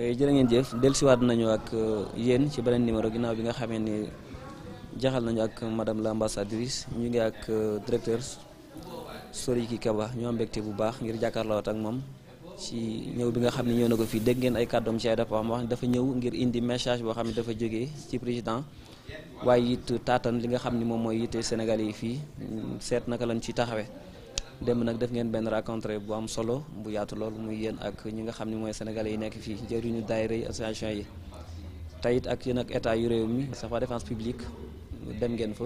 Eh, jërë ngeen jëf dellusiwaat nañu ak eh, yéen ci beneen numéro ginnaaw bi nga xamee ni jaxal nañu ak madame la ambassadrice ñu ngi ak eh, directeur Soryki Kaba ñu am mbégte bu baax ngir jàkkaarloowaat ak moom ci ñëw bi nga xam ne ñëw na ko fii dégg ngeen ay kàddoom ci ay dafa wax ne dafa ñëw ngir indi message boo xam ne dafa jógee ci président waaye it taatan li nga xam ni moom mooy yitte Sénégal yi fii mm, seet naka lañ ci taxawee. démb nag def ngeen benn rencontre bu am solo bu yaatu lool muy yéen ak ñi nga xam ne mooy sénégalais yi nekk fii jëriñu daayira yi association yi tey it ak yéen ak état yu réew mi safa défense publique dem ngeen fa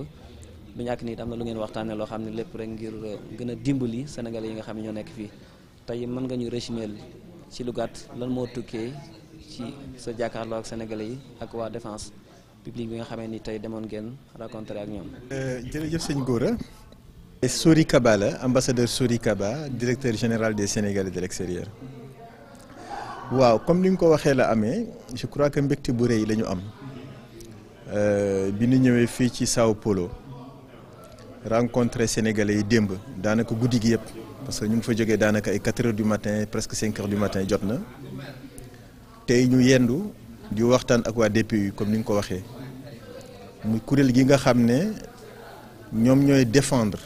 du ñàkk nii am na lu ngeen waxtaanee loo xam ne lépp rek ngir euh, gën a dimbali sénégalais yi nga xam ne ñoo nekk fii tey mën nga ñu résumer ci lu gàtt lan moo tukkee ci sa jàkkaarloo ak sénégalais yi ak waa défense publique bi nga xamee ni tey demoon ngeen rencontré ak ñoom. Euh, Et Souri Kaba la ambassadeur Souri directeur général des Sénégalais de l'extérieur waaw comme ni ko waxee la amee je crois que mbégte bu rëy lañu ñu am euh, bi nu ñëwee fii ci Sao Paulo rencontré Sénégalais yi démb daanaka guddi gi yëpp parce que ñu ngi fa jógee daanaka ay 4 heures du matin presque 5 heures du matin jot na tey ñu yendu di waxtaan ak waa DPU comme ni nga ko waxee mu kuréel gi nga xam ne ñoom ñooy défendre.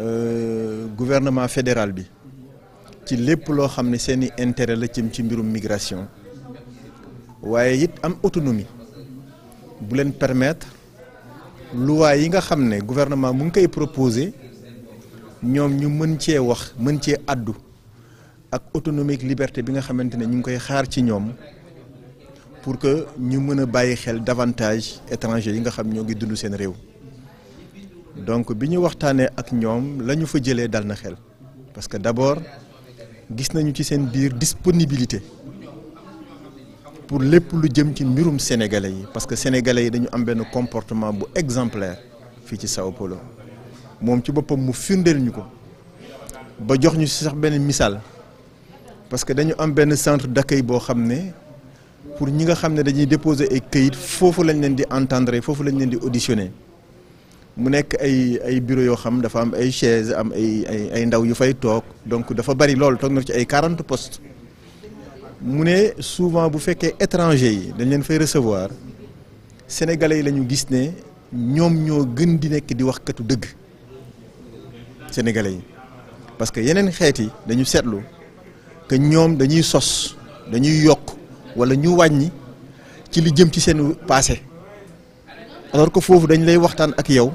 Euh, gouvernement fédéral bi ci lépp loo xam ne seeni intérêt la cim ci mbirum migration waaye it am autonomie bu leen permettre loi yi nga xam ne gouvernement mu ngi koy proposé ñoom ñu mën cee wax mën cee addu ak autonomie ak liberté bi nga xamante ne ñu ngi koy xaar ci ñoom pour que ñu mën a bàyyi xel davantage étrangers yi nga xam ñoo ngi dund seen réew donc bi ñu waxtaanee ak ñoom la ñu fa jëlee dal na xel parce que d'abord gis nañu ci seen biir disponibilité pour lépp lu jëm ci mbirum sénégalais yi parce que sénégalais yi dañu am benn comportement bu exemplaire fii ci Sao Paulo moom ci boppam mu firndeel ñu ko ba jox ñu si sax benn misaal parce que dañu am benn centre d'accueil boo xam ne pour ñi nga xam ne dañuy déposer ay këyit foofu lañ leen di entendre foofu lañ leen di auditionner. mu nekk ay ay bureau yoo xam dafa am ay chaise am ay ay ndaw yu fay toog donc dafa bari loolu toog na ci ay quarante postes mu ne souvent bu fekkee étranger yi dañ leen fay recevoir sénégalais yi lañu gis ne ñoom ñoo gën di nekk di wax katu dëgg sénégalais yi parce que yeneen xeet yi dañu seetlu que ñoom dañuy sos dañuy yokk walla ñu wàññi ci li jëm ci seen passé alors que foofu dañ lay waxtaan ak yow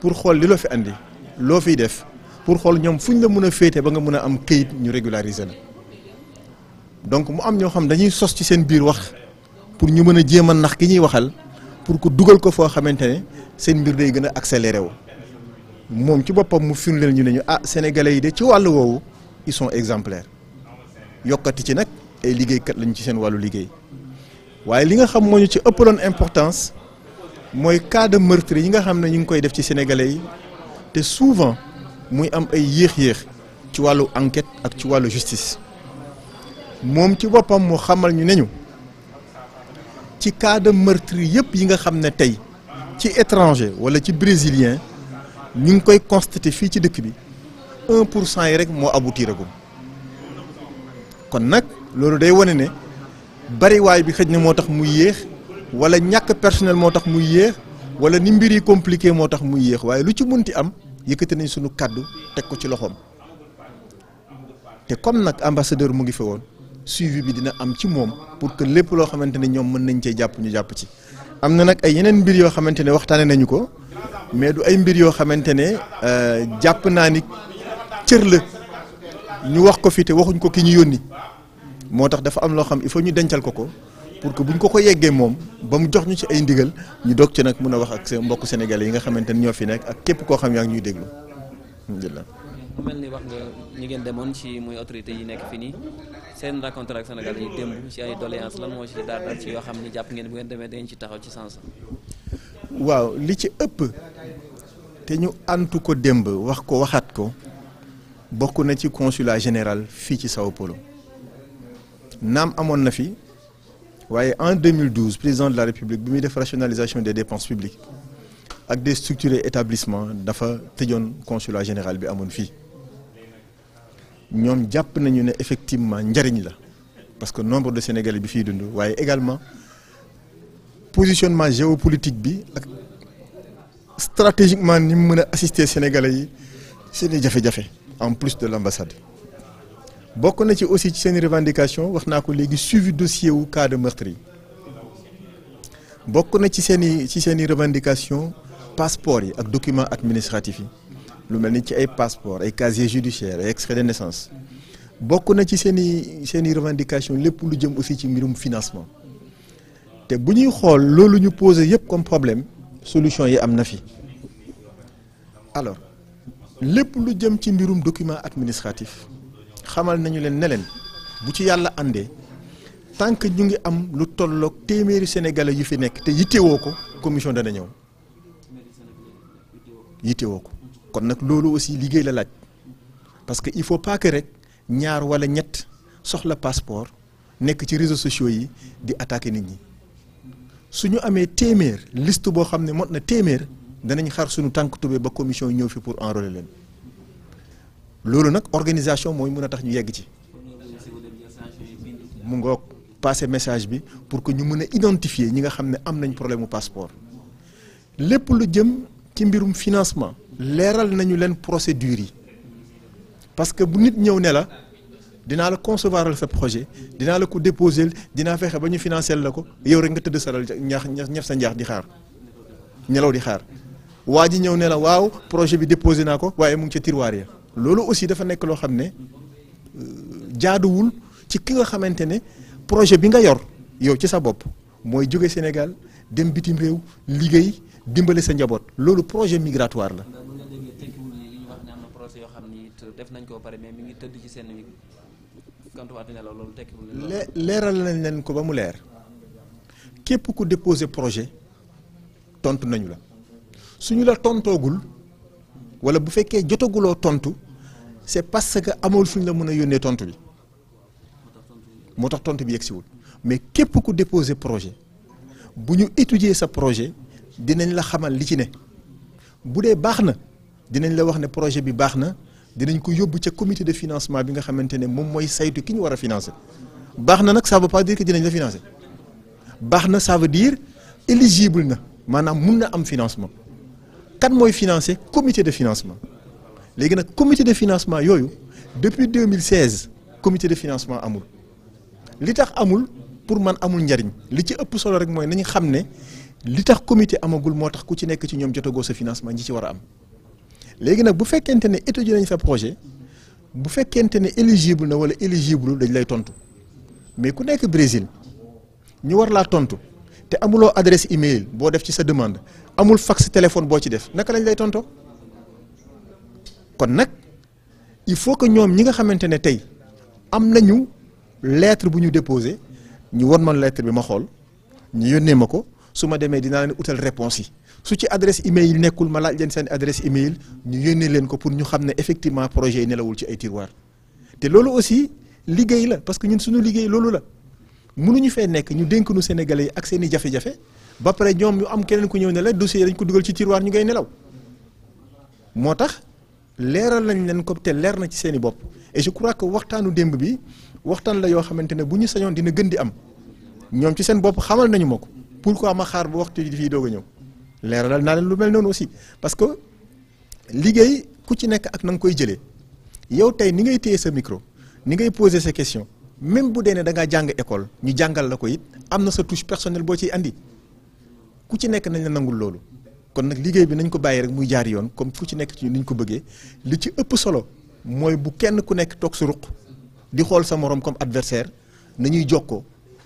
pour xool li loo fi indi loo fiy def pour xool ñoom fu ñu la mën a féete ba nga mën a am këyit ñu régulariser la donc mu am ñoo xam dañuy sos ci seen biir wax pour ñu mën a jéem a nax ki ñuy waxal pour ko dugal ko foo xamante ne seen mbir day gën a accéléré wu moom ci boppam mu firndeel ñu ne ñu ah sénégalais yi de ci wàllu woowu ils sont exemplaires yokkati ci nag ay liggéeykat lañu ci seen wàllu liggéey waaye li nga xam ci ëppaloon importance. mooy cas de yi nga xam ne ñu ngi koy def ci sénégalais yi te souvent muy am ay yéex-yéex ci wàllu enquête ak ci wàllu justice moom ci boppam mu xamal ñu ne ñu ci cas de meurtre yëpp yi nga xam ne tey ci étranger wala ci brésilien ñu ngi koy constaté fii ci dëkk bi un pour cent yi rek moo aboutiragum kon nag loolu day wane ne bariwaay bi xëj na moo tax muy yéex. wala ñàkk personnel moo tax muy yéex wala ni mbir yi compliqué moo tax muy yéex waaye lu ci mun ti am yëkkati nañ sunu kàddu teg ko ci loxoom te comme nag ambassadeur mu ngi fi woon suivi bi dina am ci moom pour que lépp loo xamante ne ñoom mën nañ cee jàpp ñu jàpp ci. am na nag ay yeneen mbir yoo xamante ne waxtaane nañu ko mais du ay mbir yoo xamante ne euh, jàpp naa ni cër la ñu wax ko fi te waxuñ ko ki ñu yónni moo tax dafa am loo xam il faut ñu dencal ko ko. pour que bu ñu ko ko yeggee moom ba mu jox ñu ci ay ndigal ñu doog ci nag mun a wax ak seen mbokk sénégalais yi nga xamante ne ñoo fi nekk ak képp koo xam yaa ngi ñuy déglu alhamdulilah. mu mel wax nga ñi ngeen demoon ci muy autorité yi nekk fi nii seen rencontre ak sénégalais yi démb ci ay doléance lan moo ci daal ci yoo xam ni jàpp ngeen bu ngeen demee dangeen ci taxaw ci sens. waaw li ci ëpp te ñu antu ko démb wax ko waxaat ko bokk na ci consulat général fii ci Sao Paulo naam amoon na fi. waaye en 2012 président de la république bi muy def rationalisation des dépenses publiques ak des structures établissement dafa tëjoon consulat général bi amoon fii ñoom jàpp nañu ne effectivement njariñ la parce que nombre de sénégalais bi fiy dund waaye également positionnement géopolitique bi ak stratégiquement ni mu mën a assister sénégalais yi seeni jafe-jafe en plus de l'ambassade bokk na ci aussi ci seen revendication wax naa ko léegi suivi dossier wu cas de meurtre yi bokk na ci seen i ci seen i revendication passeport yi ak document administratif yi lu mel ni ci ay passeport ay casier judiciaire ay extrait de naissance bokk na ci seen i seen i revendication lépp lu jëm aussi ci mbirum financement te bu ñuy xool loolu ñu posé yëpp comme problème solution yi am na fi alors lépp lu jëm ci mbirum document administratif xamal nañu leen ne leen bu ci yàlla àndee tant que ñu ngi am lu tolloog téeméeri sénégalais yu fi nekk te yittewoo ko commission dana ñëw woo ko kon nag loolu aussi liggéey la laaj parce que il faut pas rek ñaar wala ñett soxla passeport nekk ci réseau sociaux yi di attaquer nit ñi su ñu amee téeméer liste boo xam ne mot na téeméer danañ xar suñu tànk tubé ba commission ñëw fi pour enrôler leen. loolu nag organisation mooy mun a tax ñu yegg ci mu ngoog passer message bi pour que ñu mën a identifier ñi nga xam ne am nañ problème mu passeport lépp lu jëm ci mbirum financement leeral nañu leen procédure yi parce que bu nit ñëw ne la dinaa la concevoiral sa projet dinaa la ko déposer dinaa fexe ba ñu financer la ko yow rek nga tëdd saral ñax ñaf sa njaax di xaar ñelaw di xaar waa ji ñëw ne la waaw projet bi déposé naa ko waaye mu ngi ca tiroir ya loolu aussi dafa nekk loo xam ne euh, jaaduwul ci ki nga xamante ne projet bi nga yor yow ci sa bopp mooy jóge Sénégal dem bitim réew liggéey dimbale sa njaboot loolu projet migratoire la. def nañ ko pare mais mi ngi tëdd ci seen leeral na leen ko ba mu leer képp ku déposé projet tontu nañu la suñu la tontoogul wala bu fekkee jotaguloo tontu c'est parce que amul fu ñu la mën a yónnee tontu bi moo tax tontu bi yegsiwul mais képp ku déposer projet bu ñu étudier sa projet dinañ la xamal li ci ne bu dee baax na dinañ la wax ne projet bi baax na dinañ ko yóbbu ca comité de financement bi nga xamante ne moom mooy saytu ki ñu war a financer baax na nag ça veut pas dire que dinañ la financer baax na ça diir dire éligible na maanaam mun na am financement kan mooy financer comité de financement. léegi nag comité de financement yooyu depuis 2016 comité de financement amul li tax amul pour man amul njariñ li ci ëpp solo rek mooy nañu xam ne li tax comité amagul moo tax ku ci nekk ci ñoom jotagoo sa financement ñi ci war a am léegi nag bu fekkente ne étudier nañ sa projet bu fekkente ne éligible na wala éligible dañ lay tontu mais ku nekk Brésil ñu war laa tontu te amuloo adresse e-mail boo def ci sa demande amul fax téléphone boo ci def naka lañ lay tontoo. kon nag il faut que ñoom ñi nga xamante ne tey am ñu leetre bu ñu déposé ñu won man lettre bi ma xool ñu yónnee ma ko su ma demee dinaa leen utal réponse yi su ci adresse email yi nekkul ma laaj leen seen adresse email ñu yónnee leen ko pour ñu xam ne effectivement projet yi nelawul ci ay tiroir te loolu aussi liggéey la parce que ñun suñu liggéey loolu la mënuñu fee nekk ñu dénk nu Sénégalais yi ak seen i jafe-jafe ba pare ñoom ñu am keneen ku ñëw ne la dossier dañ ko dugal ci tiroir ñu ngay nelaw tax. leeral nañ leen ko te leer na ci seen i bopp et je crois que waxtaanu démb bi waxtaan la yoo xamante ne bu ñu sañoon dina gën di am ñoom ci seen bopp xamal nañu ma ko pour ko am a xaar bu waxtu di fii doog a ñëw leeralal naa leen lu mel noonu aussi parce que liggéey ku ci nekk ak na nga koy jëlee yow tey ni ngay téye sa micro ni ngay poser sa question même bu dee ne da ngaa jàng école ñu jàngal la ko it am na sa touche personnelle boo ciy andi ku ci nekk nañ la nangul loolu. kon nag liggéey bi nañ ko bàyyi rek muy jaar yoon comme ku ci nekk ci niñ ko bëggee li ci ëpp solo mooy bu kenn ku nekk toog su ruq di xool sa morom comme adversaire nañuy jokkoo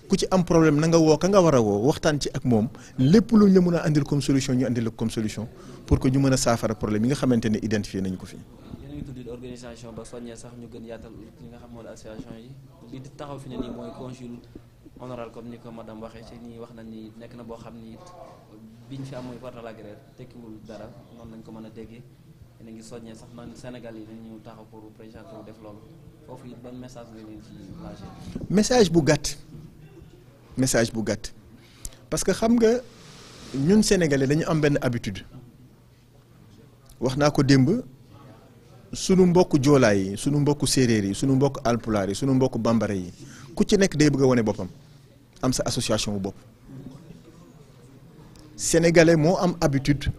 ku ci am problème nanga woo ka nga war a woo waxtaan ci ak moom lépp lu ñu mën a andil comme solution ñu andil comme solution pour que ñu mën a saafara problème yi nga xamante ne identifié nañu ko fi. organisation ba soññee sax ñu gën yaatal li nga xam mooy taxaw fi ne nii honorable comme ni ko madame waxee ci nii wax na ni nekk na boo xam ni biñ fi am muy portal agréé tekkiwul dara noonu lañ ko mën a déggee yéen a ngi soññee sax naan Sénégal yi nañu taxaw pour président pour def loolu foofu it message nga leen ci message bu gàtt message bu gàtt parce que xam nga ñun sénégalais dañu am benn habitude wax naa ko démb. sunu mbokk joolaa yi sunu mbokku séeréer yi sunu mbokk alpulaar yi sunu mbokku bambara yi ku ci nekk day bëgg a boppam am sa association bu bopp sénégalais moo am habitude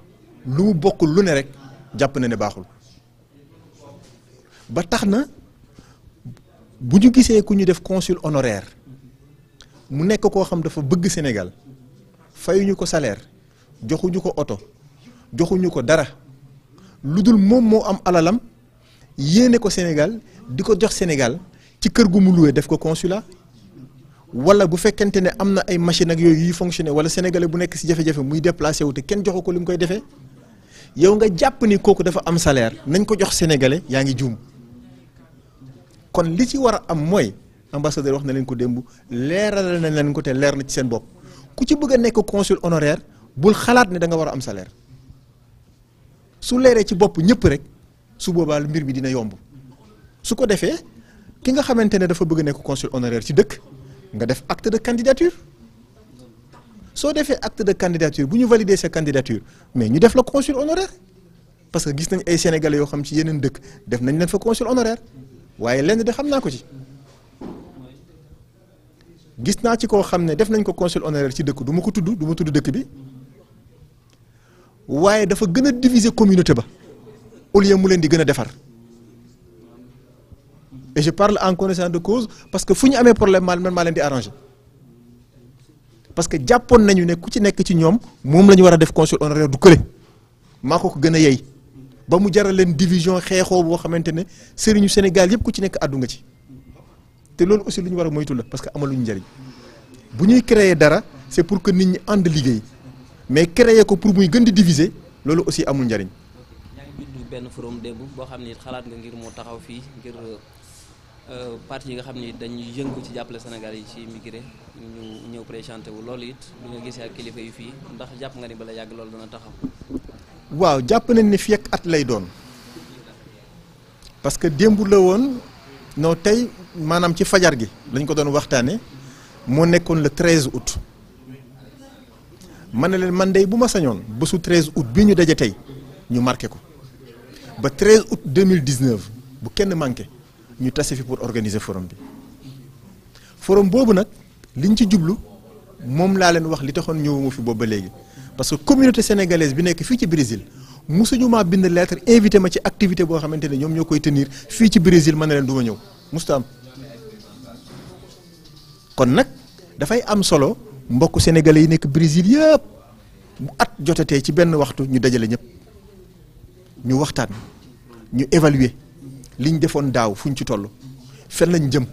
lu mu bokk lu ne rek jàpp na ne baaxul ba tax na bu ñu gisee ku ñu def consul honoraire mu nekk koo xam dafa bëgg Sénégal fayuñu ko salaire joxuñu ko oto joxuñu ko dara lu dul moom moo am alalam yéene ko Sénégal di ko jox Sénégal ci kër gu mu luwee def ko consulat wala bu fekkente ne am na ay machine ak yooyu yuy fonctionné wala sénégalais bu nekk si jafe-jafe muy déplacé wu te kenn joxu ko li mu koy defee yow nga jàpp ni kooku dafa am salaire nañ ko jox sénégalais yaa ngi juum kon li ci war a am mooy ambassadeur wax na leen ko démb leeralal nañ leen ko te leer na ci seen bopp ku ci bëgg a nekk consul honoraire bul xalaat ne da nga war a am salaire su leeree ci bopp ñëpp rek su boobaal mbir bi dina yomb su ko defee ki nga xamante ne dafa bëgg nekk consul honoraire ci dëkk. nga def acte de candidature soo defee acte de candidature bu ñu valider sa candidature mais ñu def la consul honoraire parce que gis nañ ay sénégalais yoo xam ci yeneen dëkk def nañ leen fa consul honoraire waaye lenn de xam naa ko ci gis naa ci koo xam ne def nañ ko consul honoraire ci dëkk du ma ko tudd du ma tudd dëkk bi waaye dafa gën a diviser communauté ba au lieu mu leen di gën a defar. et je parle en connaissance de cause parce que fu ñu amee problème man man maa leen di arrangé parce que jàppoon nañu ne ku ci nekk ci ñoom moom la ñu war a def consul honoraire du kële maa ko ko gën a yey ba mu jaral leen division xeexoo boo xamante ne sëriñu Sénégal yëpp ku ci nekk àddu nga ci te loolu aussi lu ñu war a moytu la parce que ñu njëriñ bu ñuy créer dara c'est pour que nit ñi ànd liggéey mais créer ko pour muy gën di diviser loolu aussi amul njëriñ. benn forum démb boo xam ne xalaat nga ngir moo taxaw fii ngir. Euh, parti yi nga xam ni dañuy yëngu ci jàppale Sénégal yi ci immigré ñu ñëw présenté wu loolu it bi nga gisee ak kilifa yi fii ndax jàpp nga ni bala yàgg loolu dana taxaw. waaw jàpp nañ ni fii ak at lay doon parce que démb la woon non tey maanaam ci fajar gi lañ ko doon waxtaane moo nekkoon le 13 août ma ne leen man dey bu ma sañoon bésu 13 août bi ñu daje tey ñu marqué ko ba 13 août 2019 bu kenn manqué. ñu tase fi pour organiser forum bi forum boobu nag liñ ci jublu moom laa leen wax li taxoon ñëwuma fi boobu ba léegi parce que communauté sénégalaise bi nekk fii ci Brésil musuñu maa bind lettre invité ma ci activité boo xamante ne ñoom ñoo koy tenir fii ci Brésil mën na leen du ma ñëw musta am kon nag dafay am solo mbokk sénégalais yi nekk Brésil yëpp bu at jotatee ci benn waxtu ñu dajale ñëpp ñu waxtaan ñu évaluer liñ defoon daaw fu ñu ci toll fen lañ jëm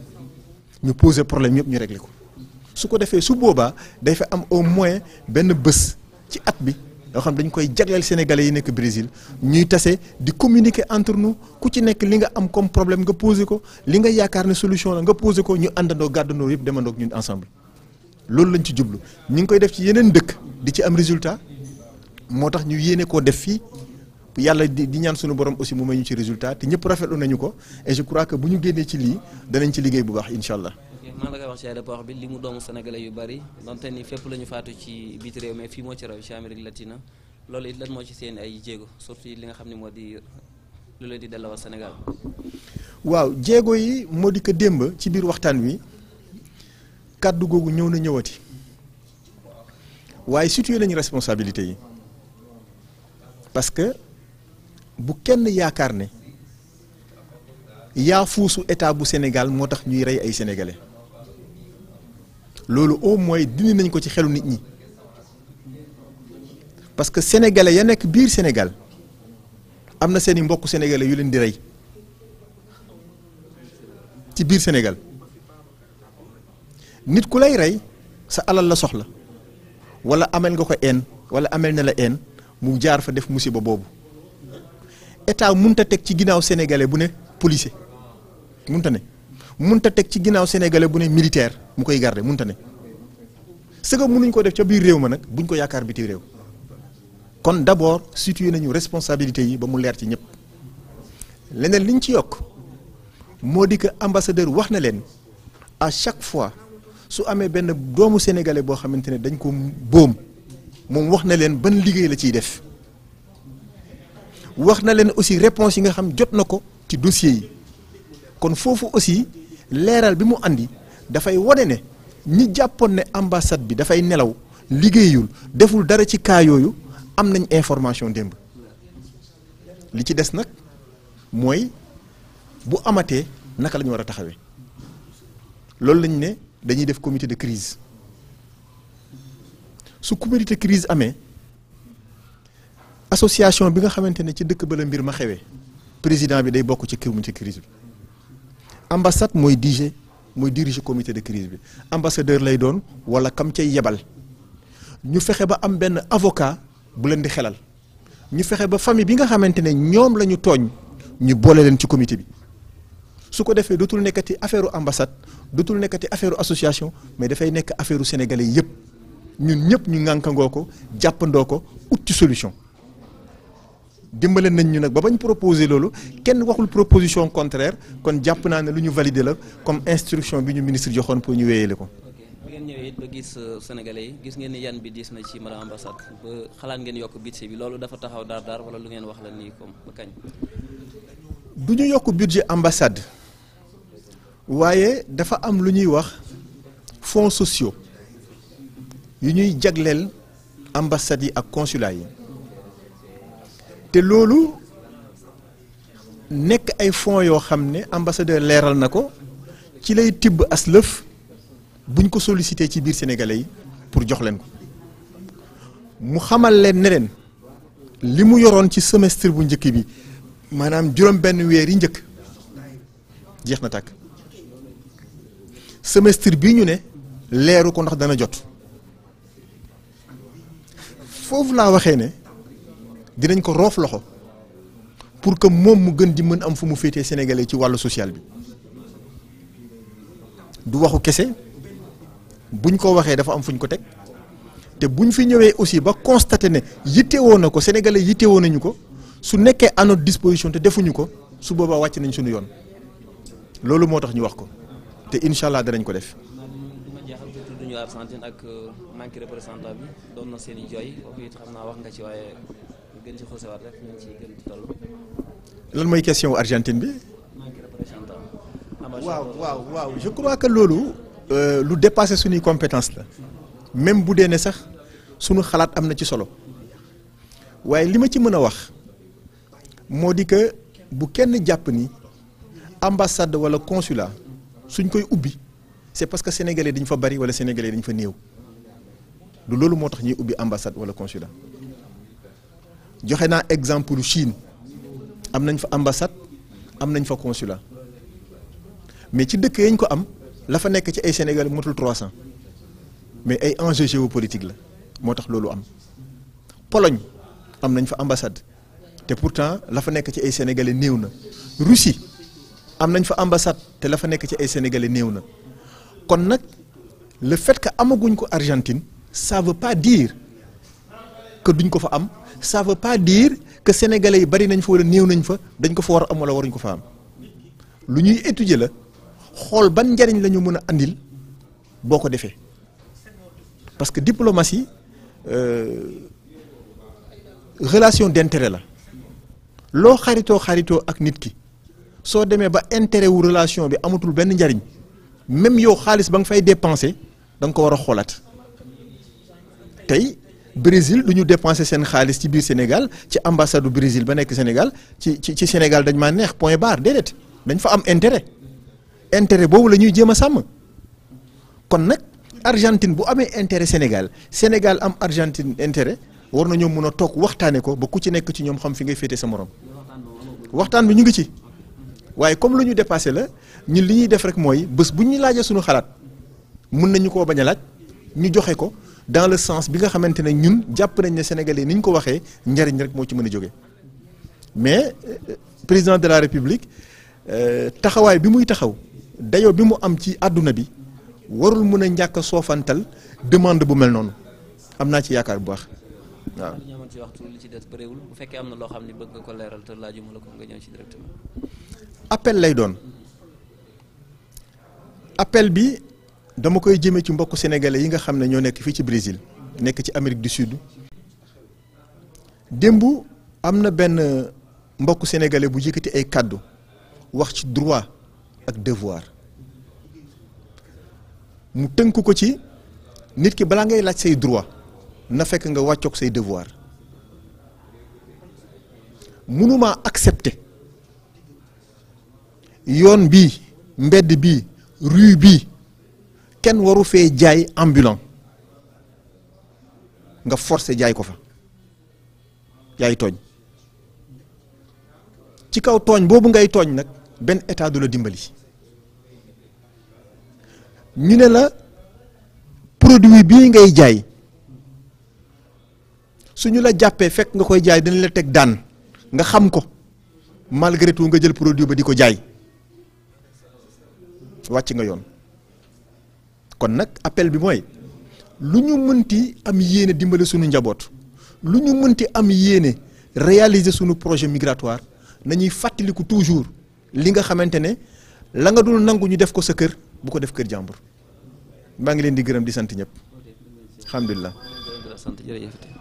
ñu poser problème yëpp ñu régler ko su ko defee su boobaa day fa am au moins benn bés ci at bi yoo xam dañ koy jagleel sénégalais yi nekk Brésil ñuy tase di communiqué entre nous ku ci nekk li nga am comme problème nga posé ko li nga yaakaar ne solution la nga posé ko ñu àndandoo gàddandoo yëpp demandoo ñun ensemble. loolu lañ ci jublu ñu ngi koy def ci yeneen dëkk di ci am résultat moo tax ñu yéene koo def fii. yàlla di di ñaan suñu borom aussi mu may ñu ci résultat te ñëpp rafetlu nañu ko et je crois que bu ñu génnee ci lii danañ ci liggéey bu baax incha allah. man la koy wax ci aéroport bi li mu doomu sénégalais yu bari donte ni fépp la ñu faatu ci biir réew mais fii moo ci raw ci Amérique latine loolu lan moo ci seen ay jéego surtout li nga xam ne moo di lu leen di delloo Sénégal. waaw jéego yi moo di ko démb ci biir waxtaan wi kàddu googu ñëw na ñëwati waaye situé nañu responsabilité yi parce bu kenn yaakaar ne yaa fuusu état bu Sénégal moo tax ñuy rey ay sénégalais loolu au moins dindi nañ ko ci xelu nit ñi parce que sénégalais ya nekk biir Sénégal am na seeni mbokk sénégalais yu leen di rey ci biir Sénégal nit ku lay rey sa alal la soxla wala amel nga ko een wala amel na la een mu jaar fa def musiba boobu. état munta teg ci ginnaaw sénégalais bu ne policier munta ne munta teg ci ginnaaw sénégalais bu ne militaire mu koy gardé munta ne ce que mënuñ ko def ca biir réew ma nag buñ ko yaakaar biti réew kon d'abord situé nañu responsabilité yi ba mu leer ci ñëpp leneen liñ ci yokk moo di que ambassadeur wax na leen à chaque fois su amee benn doomu sénégalais boo xamante ne dañ ko boom moom wax na leen ban liggéey la ciy def wax na leen aussi réponse yi nga xam jot na ko ci dossier yi kon foofu aussi leeral bi mu andi dafay wone ne ñi jàppoon ne ambassade bi dafay nelaw liggéeyul deful dara ci kaa yooyu am nañ information démb li ci des nag mooy bu amatee naka la ñu war a taxawee loolu lañ ne dañuy def comité de crise su comité crise amee association bi nga xamante ne ci dëkk ba la mbir ma xewee président bi day bokk ci kër mu ci crise bi ambassade mooy diriger mooy diriger comité de crise bi ambassadeur lay doon wala kam cay yebal ñu fexe ba am benn avocat bu leen di xelal ñu fexe ba famille bi nga xamante ne ñoom la ñu tooñ ñu boole leen ci comité bi su ko defee dootul nekkati affaire ambassade dootul nekkati affaire association mais dafay nekk affaire sénégalais yëpp ñun ñëpp ñu ŋànkangoo ko jàppandoo ko ci solution. dimbale nañ ñu nag ba bañ proposé loolu kenn waxul proposition contraire kon jàpp naa ne lu ñu validé la comme instruction bi ñu ministre joxoon pour ñu wéyale ko. ngeen ñëwee it ba gis euh, sénégalais gis ngeen ni yan bi diis na ci madame ambassade ba xalaat ngeen yokk budget bi loolu dafa taxaw daar daar wala lu ngeen wax la nii du ñu yokk budget ambassade waaye dafa am lu ñuy wax fonds sociaux yu ñuy jagleel ambassades yi ak consulats yi. te loolu nekk ay fonds yoo xam ne ambassadeur leeral na ko ci lay tibb as lëf buñ ko sollicité ci biir sénégalais yi pour jox leen ko mu xamal leen ne leen li mu yoroon ci semestre bu njëkk bi maanaam juróom benn weer yi njëkk jeex na tàkk semestre bi ñu ne leeru ko ndax dana jot foofu laa waxee ne dinañ ko roof loxo pour que moom mu gën di mën am fu mu féetee sénégalais ci wàllu social bi du waxu kese buñ ko waxee dafa am fuñ ko teg te buñ fi ñëwee aussi ba constaté ne yittewoo na ko sénégalais yittewoo nañu ko su nekkee à disposition te defuñu ko su boobaa wàcc nañ suñu yoon loolu moo tax ñu wax ko te incha danañ ko def. Argentine ak euh, manque représentant doon na seen i jooy kooku naa wax nga ci waaye gën ci xuusewaat rek ñu ci gën di lan mooy question Argentine bi. Ah, waaw waaw waaw je crois que loolu. Euh, lu dépassé suñuy compétence la. même bu dee ne sax suñu xalaat am na ci solo. waaye li ma ci mën a wax. moo di que bu kenn jàpp ni ambassade wala consulat suñ koy ubbi c'est parce que sénégalais dañ fa bari wala sénégalais dañ fa néew du loolu moo tax ñuy ubbi ambassade wala consulat. joxe naa exemple Chine am nañ fa ambassade am nañ fa consulat mais ci dëkk yañ ko am la fa nekk ci ay Sénégal motul 300 mais ay enjeu géopolitique la moo tax loolu am Pologne am nañ fa ambassade te pourtant la fa nekk ci ay sénégalais néew na Russie am nañ fa ambassade te la fa nekk ci ay sénégalais néew na kon nag le fait que amaguñ ko Argentine ça veut pas dire que duñ ko fa am. ça veut pas dire que sénégalais yi bari nañ fa wala néew nañ fa dañ ko fa war a am wala waruñ ko fa am lu ñuy étudier la xool ban njariñ la ñu mën a andil boo ko defee parce que diplomatie euh, relation d'intérêt la loo xaritoo xaritoo ak nit ki soo demee ba intérêt wu relation bi amatul benn njariñ même yow xaalis ba nga fay dépenser da nga ko war a xoolaat tey Brésil du ñu dépenser seen xaalis ci biir Sénégal ci ambassade du Brésil ba nekk Sénégal ci ci ci Sénégal dañ maa neex point barre déedéet dañ fa am intérêt intérêt boobu la ñuy jéem a sàmm kon nag Argentine bu amee intérêt Sénégal Sénégal am Argentine intérêt war nañoo mun a toog waxtaanee ko ba ku ci nekk ci ñoom xam fi ngay féete sa morom waxtaan bi ñu ngi ci waaye comme lu ñu dépassé la ñun li ñuy def rek mooy bés bu ñu laajee suñu xalaat mun nañu koo bañ a laaj joxe ko. dans le sens bi nga xamante ne ñun jàpp nañ ne sénégalais ni ñu ko waxee njariñ rek moo ci mën a jóge mais euh, président de la république euh, taxawaay bi muy taxaw dayoo bi mu am ci àdduna bi warul mun a njàkk soofantal demande bu mel noonu am naa ci yaakaar bu baax waaw. ci waxtu li ci des bëriwul bu fekkee am na loo xam ne bëgg nga ko leeral te laajuma la ko nga ñëw appel lay doon appel bi. dama koy jëmee ci mbokk sénégalais yi nga xam ne ñoo nekk fii ci Brésil nekk ci Amérique du Sud démb am na benn mbokk sénégalais bu yëkkati ay kàddu wax ci droit ak devoir mu tënk ko ci nit ki balaa ngay laaj say droit na fekk nga wàccoog say devoir mënuma accepter yoon bi mbedd bi rue bii kenn waru fee jaay ambulant nga forcé jaay ko fa yaay tooñ ci kaw tooñ boobu ngay tooñ nag benn état du la dimbali ñu ne la produit bii ngay jaay su ñu la jàppee fekk nga koy jaay dinañ la teg daan nga xam ko malgré nga jël produit ba di ko jaay wàcc nga yoon kon nag appel bi mooy lu ñu ti am yéene dimbale suñu njaboot lu ñu ti am yéene réaliser sunu projet migratoire nañuy fàttaliku toujours li nga xamante ne la nga dul nangu ñu def ko sa kër bu ko def kër jàmbur maa ngi leen di gërëm di sant ñëpp alhamdulilah. sant jërëjëf